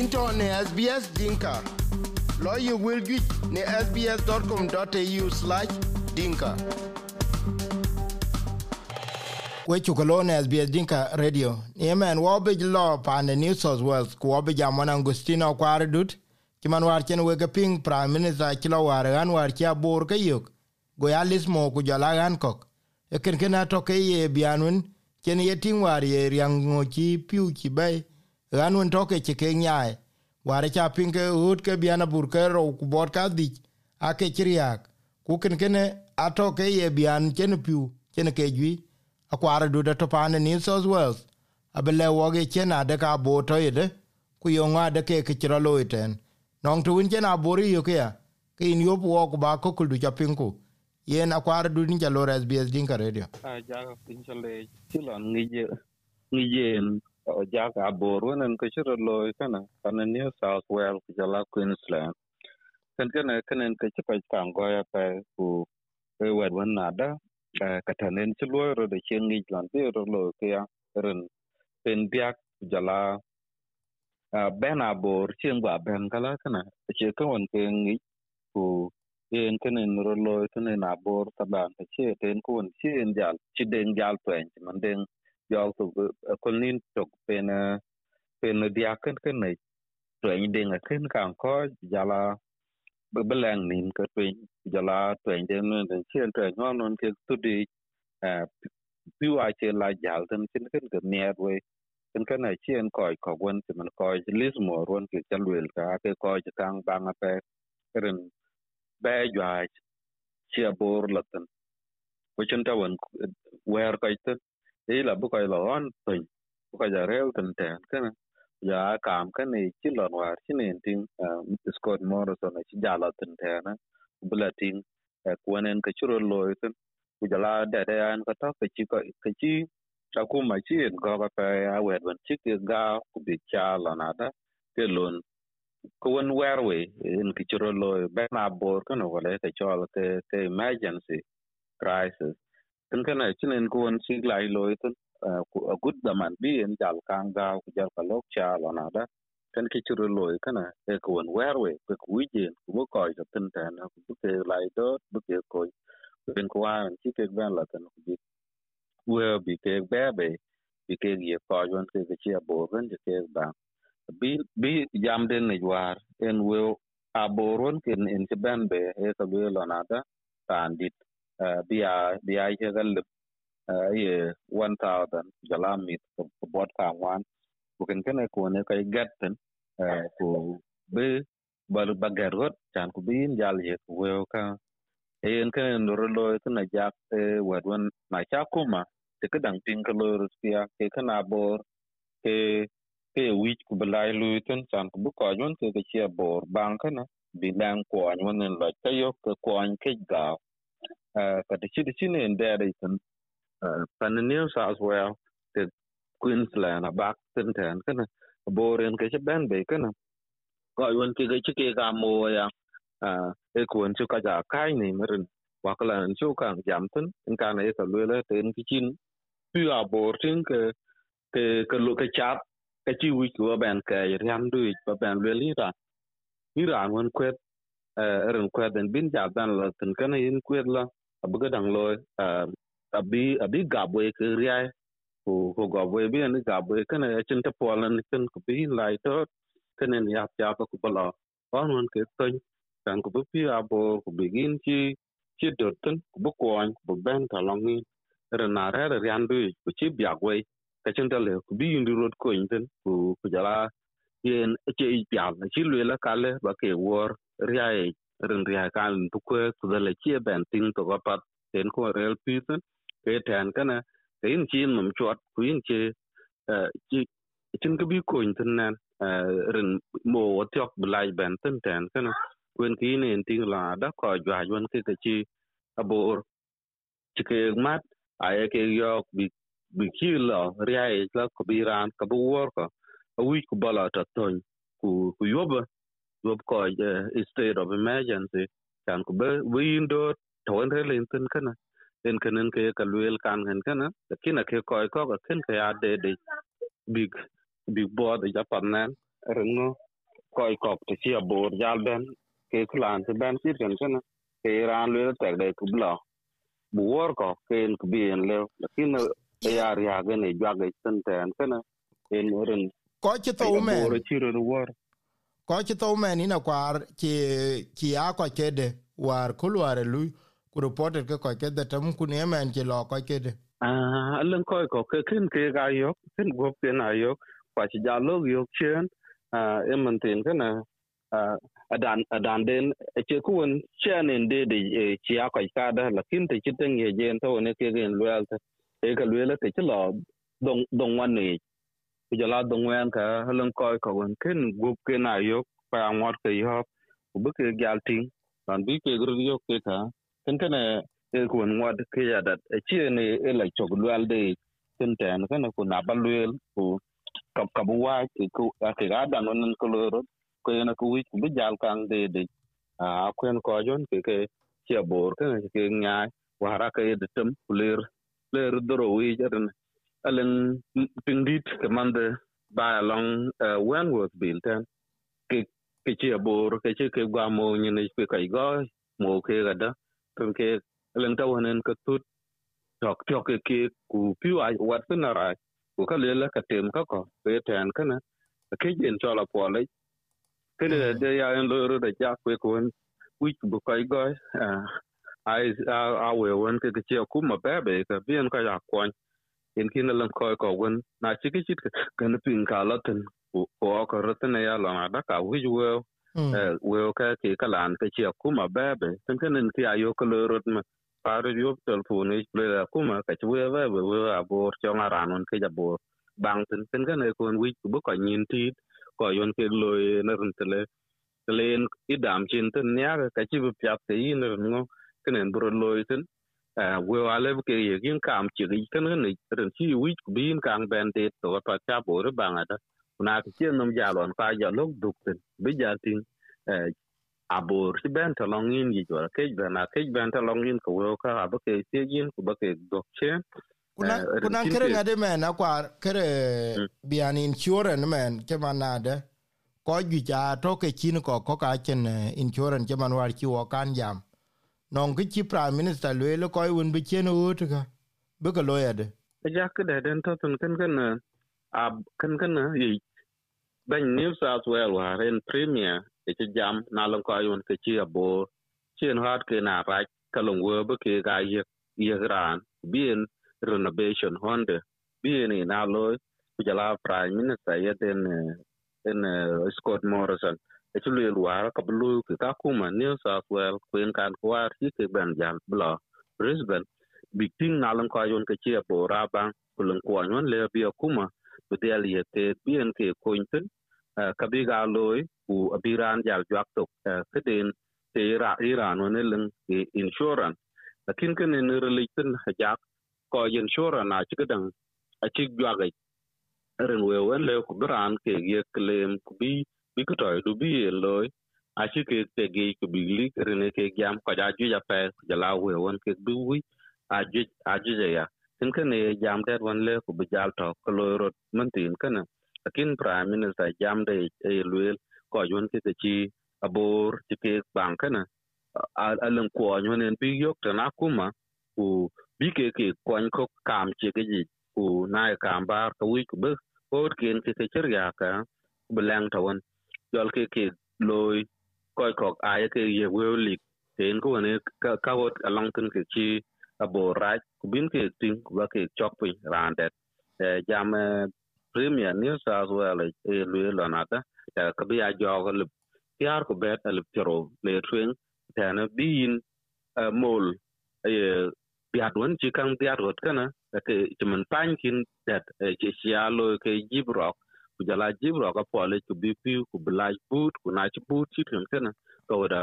into ne SBS Dinka. Lawyer will get ne sbs.com.au slash dinka. we chukolone SBS Dinka Radio. Niemen wabij lo the New South Wales kuwabij amon Angustino kware dut. Kiman war chen wege ping Prime Minister chilo ware an war chia bor yuk. Goya lismo kujala Hancock. Ekin kena toke ye bianwin chen ye ting war ye riango chi bay. gan wen toke ci ke nyae ware cha pinke ut ke biana burke ro ku bot ka di ake riaak ku ken a atoke ye bian chen piu chen ke gi akwara du da topane south so wells abele wɔk chen cien ka bo to ide ku yo nga de ke ke chiro loiten nong tu chen abori yo ke ya ke in yo bo ku ba ko ku du cha pinku yen akwara du ni ja SBS dinka radio a ja pinchale chilo ngije ngijen o jaka abor wonen ko chiro loy kana kana new south wales ko jala queensland ken kana kenen ke chipa kango ya pe ku e wer wan nada ka tanen chlo ro de chengi jlan de ro lo ke ya ren pen biak jala ben abor chengu aben kala kana che ko won ke ngi ku yen kenen ro lo kenen abor ta ban che ten kun chen jal chi den jal pen man den yol to eh, kolnin tok pen eh, pen dia ken ken ne twen de nga ken kan ko jala belang nim ke twen jala twen de ne de chen twen ngon non ke tu di eh, piu a che la jal ten chen ken ke ne we ken ken a chen ko ko gon te man ko lis mo ron ke chal wel ka ke ko je kang bang a pe ren be jwa chia bor latan ko chen ta wan wer ka iten là bu ila bukai lo on pin bukai ja rel ten cái này ja kam kan ni chi lon war chi nen tin scott morrison chi jala ten ten bula tin kuanen ka churo lo ten ku jala da da an ka ta ka chi ka chi ta ku ma chi en ga ba pa ya wer ban chi ke ga ku bi cha la na da ke lon ku wen wer we en ki churo lo be na bor kana wala ka chol cái cái emergency crisis tin kana chinen kuon sik lai loi tin gud daman bi en jal kang ga ku jal ka lok cha lo na da kan ki churu loi kana e kuon werwe ku ku jen ku bo koi da tin ta na ku ke lai do bu ke koi ben ku an chi ke ben la tan bị bi we bi ke be be bi ke ye ko jon ke ke chi abo ben de ke ba bi bi jam den ne war en we aboron ken en ke ben be e ka be lo na da tan dit bia bia ye ga lip ye 1000 jalamit ko bot ka wan ko ken ken ko ne kay gatten ko be bal bagarot chan ko bin jal ye ko we ka en ken ro lo ko na jak e wadwan na cha kuma te ka dang pin ka lo rusia ke kana bor ke ke wich ku balai lu ten chan ko bu ko jon ke ke bor bang kana bi dang ko an wan lo ta yo ko an ke gao Uh, but the Chittichini in there they can uh, pan New South Wales the Queensland a back tin ten kana borin ke ben be kana ko yun ke cái ke ga mo ya e kun chu ka ja kai ni mrin wa kala an chu kan jam tin in kan e ka le le tin ki chin pi a borin ke cái cái lu cái chat cái chi wi ku ben ke yan du ba ben le li ra ni ra ngon kwet eren kweden bin ja dan la tin kana yin kwed la abuga dang lo abi abi gabwe ke riai ko ko gabwe bi ni gabwe kana chin ta polan kin ko bi lai to kana ni ap ja ko bala on on ke ton kan ko bi abo ko begin chi chi dot tin ko bu ko an bu ben ta long ni rena re re yan bi ko chi biagwe ka chin ta le ko bi yindi rod ko yin tin ko ko jala yen che pial chi lwe la kale ba ke wor ria e rin ria kan tu ko ku da le che ben ting to ga pat ten ko rel pi ten ke tan kana tin chi num chot ku yin che chi chin ke bi ko in ten nan rin mo tiok blai ben ten tan kana quên ký nền tiếng là đã có dọa dân cái cái chi abor chỉ cái mát ai cái yok bị bị kia là ria là có bị ran có bị war có ui ku balata toy ku ku yoba yob ko state of emergency kan ku be windo thon the lên tin kana en kanen ke ka luel kan hen kana kina ke ko ko ka ken ka ade de big big board ja panan rengo ko ko te sia bor jal ben ke klan te ben sir ken kana ke ran luel ter de ku blo buor ko ken ku bien le kina ya ya gane jwa ga tin ten kana en ren ko ci to men ko ci to men ina kwar ci ci a ko kede war kulware lui ku reported ke ko kede tam ku ne men ci lo ko kede ah len ko ko ke kin ke ga yo kin go ke na yo kwa ci ja lo yo chen a em men tin kana a dan a dan den ce ku won chen en de de ci a ko ka da la kin te ci ten ye jen to ne ke gen luel te e ka luel te ci lo dong dong wan ne ku jala dongwen ka halong koy ko gon ken gup ke na yok pa ngot ke yo ku bu ke gal ting dan bi ke gru yok ke ka ken ken e ku ngot ke ya dat e chi ne e la chok lwal de ken tan ken ku na ba lwel ku kap kap wa ke ku a ke ga dan non ko lo ko yana ku wi bu jal kang de de a ken ko jon ke ke chi bor ke ke nya wa ra ke de tem ler ler dro wi jadan alen pindit kamande ba along uh, when was Wanworth Bintan ke ke chi abor ke chi ke gwa mo nyen ke kai go mo ke gada tun ke alen ta wanen ka tut tok tok ke ke ku piu ai wat na ra ku ka le la ka tem ka ko ke tan kana ke jen cho la po le ke le de ya en lo ro da ja ku ku en wi bu kai go ai a we wen ke ke chi ku ma ba be ka bien ka ya kwani yen kina lan koy ko wen na chiki chit kan pin ka latin ko ko ratin ya lan ada ka wi wo wo ka ke kalan ke chi kuma bebe tan kan en ti ayo ko rot ma paru yo telefon ich ble kuma ka chi wo bebe wo abor cho ngaran ke jabor bang tin tin kan ko wi bu ko nyin ti ko yon ke loy na rentele len idam chin tin nya ka chi bu pyap te yin ngo kenen bro loy tin we wa le ke ye gin kam chi ri kan ne ren chi wi bin kang ben te to pa cha bo re bang ada na ke chen nom ja lon ka ja lok duk ten bi ja tin a bor si ben to long in gi jor ke ben a ke ben to long in ko wo ka ba ke se yin ko ba ke dok che kuna kuna kere ngade men akwa kere bian insurance men ke manade ko ju ja to ke chin ko ko ka chen insurance ke man war chi wo kan jam non ke chi prime minister le le ko un bi chen u to ka be ko loya de ja ke de den to tun ken ken a ken ken yi ben new south wales wa ren premier e chi jam na lon ko un ke chi abo chen hat ke na ra ka lon wo be ke ga ye ye gran, bien renovation honda bien e na lo ku jala prime minister ye den den scott morrison ci luel war ka bi loi ki ka kuma new south wales kuen kan ku war ci ke brisbane big ting na lan ko yon ke ci bo ra bang ku lan ko yon le bi kuma bi del ye te bien ke kointen eh, ka bi ga loi ku abiran jal jak to eh, ke den te ra insurance lakin ken ne religion hajak ko insurance na ci gadan claim bi bi ku toy du bi ye loy a chi ke te ge ku bi li rene ke jam ko ja ju ja pe ja la we won ke bi wi a ju a ju ja ya tin ke ne jam der won le ku bi jal to ko loy rot man tin kana akin prime minister jam de e luel ko yon ke te chi abor ti ke bang kana a lan ko yon en bi yok ta na kuma ku bi ke ke kon ko kam che ke ji ku na ka bar ka wi ku bi ko ken ke ke chir ya ka belang tawon jol ke ke loy koy kok ay ke ye wewli ten ko ne ka wot along tin ke chi abo raj bin ke tin ba ke chok pi randet jam premier new south wales e lwe lonata ta ka bi a jog le piar ko bet al piro le twen ta na bin mol e biadwan chi kang biadwat kana ke chimen pan kin dat che sialo ke jibrok ku jala jim ro ka pole ku bi pi ku blaj put ku na chi put chi thun ken ko da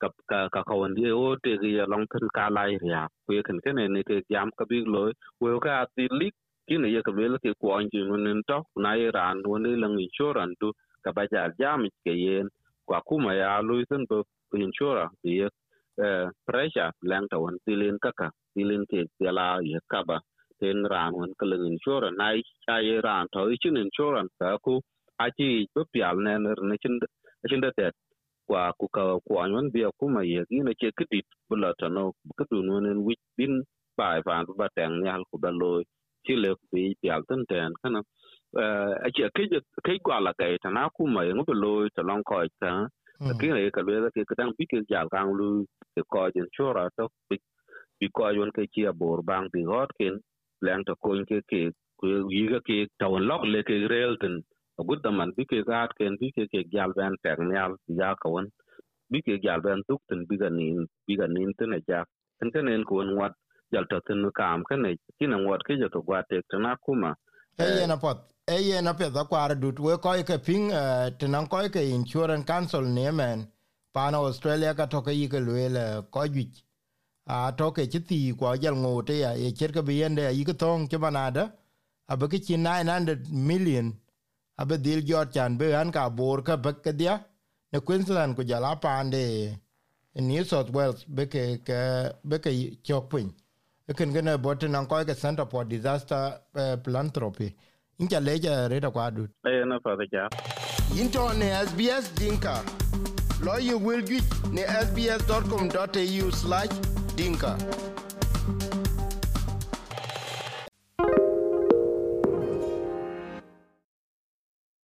ka ka ka ka wan die o te gi ya long thân ka lai ria ku ye ken ken e, ne ke jam ka bi lo we ka ti lik ki ne ye ka be ke ku an ji mun nen to na ye ran won ne lang insurance du ka ba ja jam ke yen kwa kuma ya lu sen bo insurance ye eh, pressure lang ta wan ti len ka ka ti len ke jala ye ka ba ten ran wen keleng insurance nai chai ran to chin insurance ka ku aji bu pial ne ner ne chin chin da te kwa ku ka kwa nyon bia ku ma ye ni ne che kidit bula ta no ka du no nen wi bin bai ban ba tang ne hal ku da lo chi le bi pial ten cái kana a che cái ke kwa la cái ta na ku ma ye ngo lo ta long ko ta ki ne ka le ke ka dang bi ke jal kang lu ke ko jin chora to bi ko yon ke chi abor bang bi hot ken lang to koin ke ke yiga ke tawan lok le ke rel tin gudda man bi ke gaat ken bi ke ke gyal ben ter nyal ya kawan bi ke gyal ben tuk tin bi ga nin bi ga nin tin e ja tin ken en ko wat jal to tin kam ken ne kin wat ke jato gwa te tana kuma e eh, yena pot e yena pe da kwar dut we ko ke ping eh, tinan ko ke insurance council ne men pano australia ka to ke yike lwele ko jich a toke ci ti kwa jal ngo te ya e cher ka bien de i ko tong ke banada abe ke ci 900 million abe dil jor chan be an ka bor ka bak ka dia ne queensland ku jala pande new south wales be ke ke be ke chok pin ken gene bote nan ko ke center for disaster ờ, philanthropy inja leja reda kwa du e na fa ja into ne sbs dinka lawyer will get ne sbs com au slash Dinka.